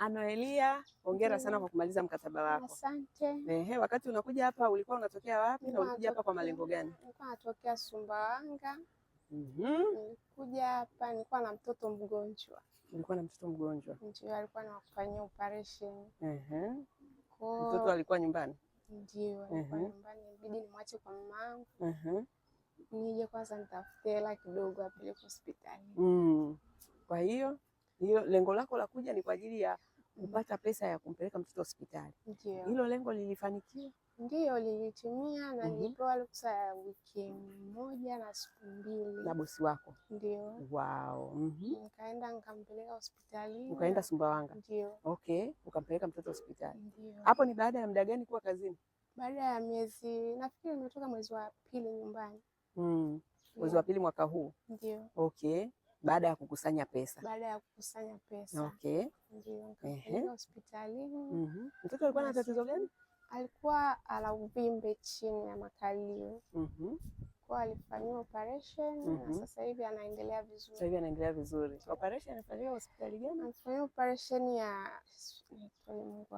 Anoelia, hongera sana kwa kumaliza mkataba wako. Asante. Ehe, wakati unakuja hapa ulikuwa unatokea wapi na ulikuja hapa kwa malengo gani? Nilikuwa natokea Sumbawanga. Mhm. Nilikuja hapa nilikuwa na mtoto mgonjwa. Nilikuwa na mtoto mgonjwa. Ndio, alikuwa anafanyia operation. Ehe. Kwa... Mtoto alikuwa nyumbani? Ndio, alikuwa nyumbani. Ilibidi nimwache kwa mamangu. Mhm. Nije kwanza nitafute hela kidogo apeleke hospitali. Mm. Kwa hiyo, hiyo lengo lako la kuja ni kwa ajili ya kupata pesa ya kumpeleka mtoto hospitali. Hilo lengo lilifanikiwa? Ndiyo, lilitimia na mhm. nilipewa ruhusa ya wiki moja na siku mbili na bosi wako. Ndio. Wow. mm -hmm. Nikaenda nikampeleka hospitali. Ukaenda Sumbawanga? Ndio. Okay, ukampeleka mtoto hospitali. Ndio. Hapo ni baada ya muda gani kuwa kazini? Baada ya miezi, nafikiri nimetoka mwezi wa pili nyumbani. mm. Mwezi wa pili mwaka huu? Ndio. Okay baada ya kukusanya pesa. Baada ya kukusanya pesa. Okay. Ndio, nikaenda hospitalini. Mhm. Mtoto alikuwa na tatizo gani? Alikuwa ana uvimbe chini ya makalio. Mhm alikuwa alifanyiwa operation mm -hmm. Na mhm. sasa hivi anaendelea vizuri. Sasa hivi anaendelea vizuri. Operation anafanyiwa hospitali gani? Anafanyiwa operation ya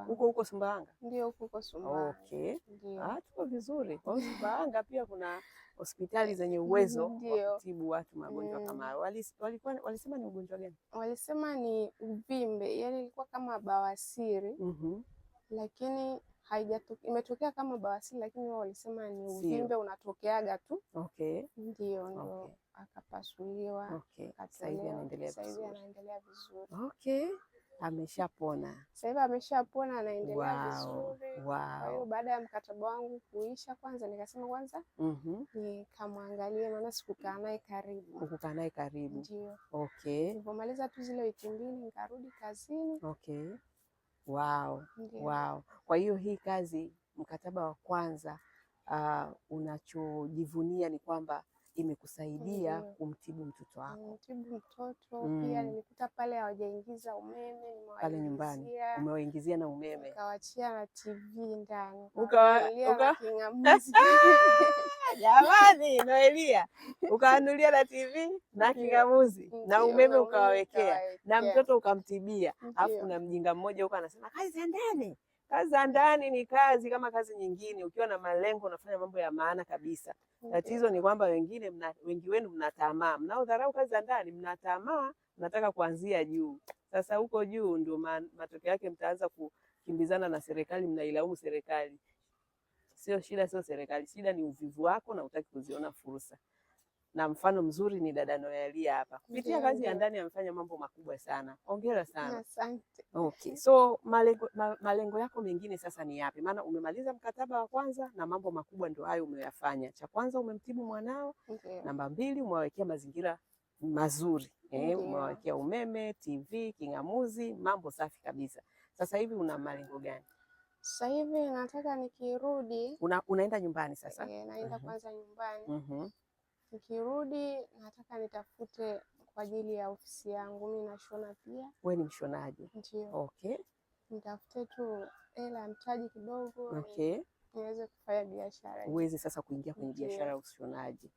huko huko Sumbawanga. Ndio, huko huko Sumbawanga. Okay. Ah, tuko vizuri. Kwa Sumbawanga pia kuna hospitali zenye uwezo wa kutibu watu magonjwa mm. kama walikuwa walisema ni ugonjwa gani? Walisema ni uvimbe, yani ilikuwa kama bawasiri mm lakini haijatokea, imetokea kama bawasiri, lakini wao walisema ni uvimbe unatokeaga tu. Okay. Ndio, ndio okay. Akapasuliwa. Okay. Sasa hivi anaendelea vizuri. Okay. Ameshapona sasa hivi, ameshapona anaendelea vizuri. Wow. Kwa hiyo baada ya mkataba wangu kuisha, kwanza nikasema kwanza mm -hmm. nikamwangalie, maana sikukaa naye karibu, ukukaa naye karibu. Ndio. Okay. Nilipomaliza tu zile wiki mbili nikarudi kazini. Okay. Wow, yeah. Wow. Kwa hiyo hii kazi mkataba wa kwanza uh, unachojivunia ni kwamba imekusaidia mm-hmm. kumtibu mtoto wako mtibu mtoto mm. Pia nimekuta pale hawajaingiza umeme pale nyumbani, umewaingizia na umeme, ukawachia na TV ndani Jamani, Noelia ukawanulia na TV na kingamuzi na umeme ukawawekea na mtoto ukamtibia. Alafu kuna mjinga mmoja huko anasema kazi endeni Kazi za ndani ni kazi kama kazi nyingine, ukiwa na malengo unafanya mambo ya maana kabisa. Mm-hmm. Tatizo okay, ni kwamba wengine mna, wengi wenu mnatamaa mnaodharau kazi za ndani mnatamaa mnataka kuanzia juu. Sasa huko juu ndio matokeo yake mtaanza kukimbizana na serikali, mnailaumu serikali. Sio shida, sio serikali. Shida ni uvivu wako na utaki kuziona fursa na mfano mzuri ni dada Noelia hapa. Kupitia kazi ya ndani amefanya mambo makubwa sana. Hongera sana. Asante. Okay. So malengo, ma, malengo yako mengine sasa ni yapi? Maana umemaliza mkataba wa kwanza na mambo makubwa ndio hayo umeyafanya. Cha kwanza umemtibu mwanao, ndiyo. Namba mbili umewawekea mazingira mazuri. Eh, umewawekea umeme, TV, kingamuzi, mambo safi kabisa. Sasa hivi una malengo gani? Sasa hivi nataka nikirudi. Una, unaenda nyumbani sasa? Eh, naenda mhm. kwanza nyumbani. Mhm nikirudi nataka nitafute kwa ajili ya ofisi yangu, mimi nashona pia. Wewe ni mshonaji? Ndio. Okay. Nitafute tu hela ya mtaji kidogo. Okay. Niweze kufanya biashara. Uweze sasa kuingia kwenye biashara ya ushonaji.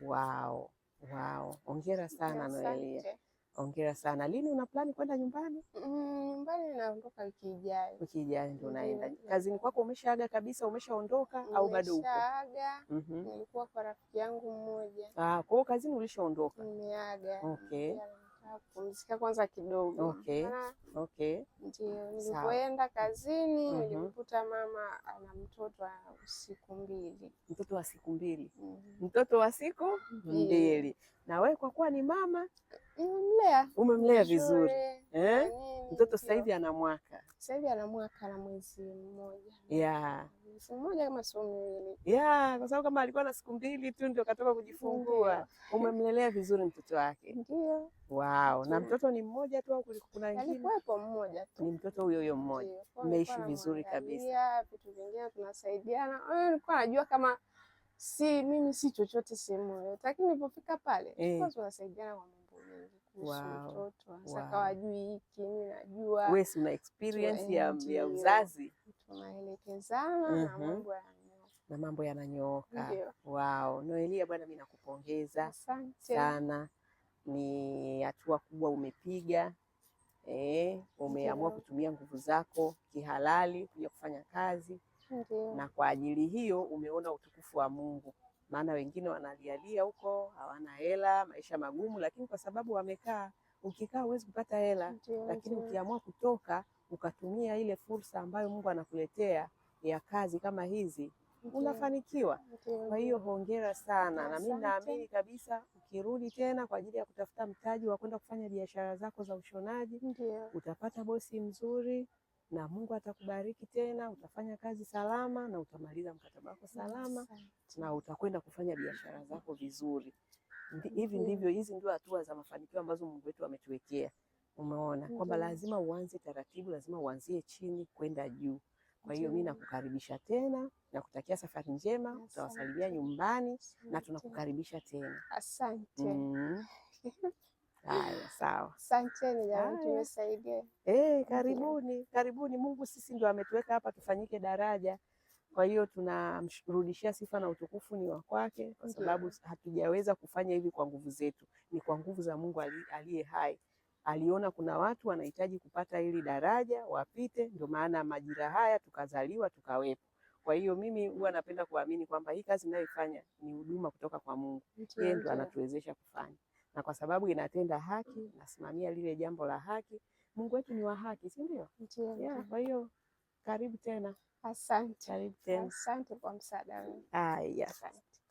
Wow. Wow. Hongera sana Noelia. Hongera sana. Lini una plani kwenda nyumbani? Mm, nyumbani mm, naondoka wiki ijayo. Wiki ijayo ndio unaenda. Mm. Kazini kwako umeshaaga kabisa, umeshaondoka au bado uko? Nimeshaaga. Mm -hmm. Nilikuwa kwa rafiki yangu mmoja. Ah, kwa hiyo kazini ulishaondoka? Nimeaga. Okay. Pumzika kwanza kidogo. Okay. Ah, okay. Ndio, nilipoenda kazini mm -hmm. mama ana mtoto wa siku mbili. Mtoto wa siku mbili. Mm -hmm. Mtoto wa siku mbili. Na wewe kwa kuwa ni mama Umemlea. Umemlea vizuri eh? Mtoto sasa hivi ana mwaka sasa hivi ana mwaka na mwezi mmoja yeah. mwezi mmoja kama sio miwili yeah, kwa sababu kama alikuwa na siku mbili tu ndio katoka kujifungua. Umemlelea vizuri mtoto wake ndio. Wow. na mtoto ni mmoja tu au kuna wengine? Alikuwepo mmoja tu. Ni mtoto huyo huyo mmoja. Mmeishi vizuri kabisa. Vitu vingine tunasaidiana. Wewe ulikuwa unajua kama si mimi si chochote sehemu yoyote, lakini nilipofika pale tunasaidiana eh. kwa wow. wow. Najua wewe si una experience ya, ya uzazi tunaelekezana mm -hmm. na mambo yananyooka. Wow, Noelia bwana, mi nakupongeza sana, ni hatua kubwa umepiga e, umeamua kutumia nguvu zako kihalali kuja kufanya kazi Ndiyo. na kwa ajili hiyo umeona utukufu wa Mungu maana wengine wanalialia huko, hawana hela, maisha magumu, lakini kwa sababu wamekaa, ukikaa huwezi kupata hela, lakini ukiamua kutoka ukatumia ile fursa ambayo Mungu anakuletea ya kazi kama hizi unafanikiwa. Kwa hiyo hongera sana, na mimi naamini kabisa ukirudi tena kwa ajili ya kutafuta mtaji wa kwenda kufanya biashara zako za ushonaji, utapata bosi mzuri na Mungu atakubariki tena, utafanya kazi salama na utamaliza mkataba wako salama na utakwenda kufanya biashara zako vizuri. Hivi ndivyo, hizi ndio hatua za mafanikio ambazo Mungu wetu ametuwekea. Umeona kwamba lazima uanze taratibu, lazima uanzie chini kwenda juu. Kwa hiyo mimi nakukaribisha tena, nakutakia safari njema, utawasalimia nyumbani na tunakukaribisha tena. Asante. Mm. Haya, sawa, asanteni jamani, tumesaidia. Eh, karibuni karibuni. Mungu sisi ndio ametuweka hapa tufanyike daraja, kwa hiyo tunamrudishia sifa na utukufu ni wa kwake, kwa sababu hatujaweza kufanya hivi kwa nguvu zetu, ni kwa nguvu za Mungu aliye hai. Aliona kuna watu wanahitaji kupata hili daraja wapite, ndio maana majira haya tukazaliwa tukawepo. Kwa hiyo mimi huwa napenda kuamini kwamba hii kazi ninayoifanya ni huduma kutoka kwa Mungu, yeye ndio anatuwezesha kufanya na kwa sababu inatenda haki, nasimamia lile jambo la haki. Mungu wetu ni wa haki, si ndio? Yeah, kwa hiyo karibu tena. Asante, karibu tena. Asante kwa msaada wenu. Haya,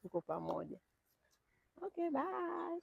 tuko pamoja. Okay, bye.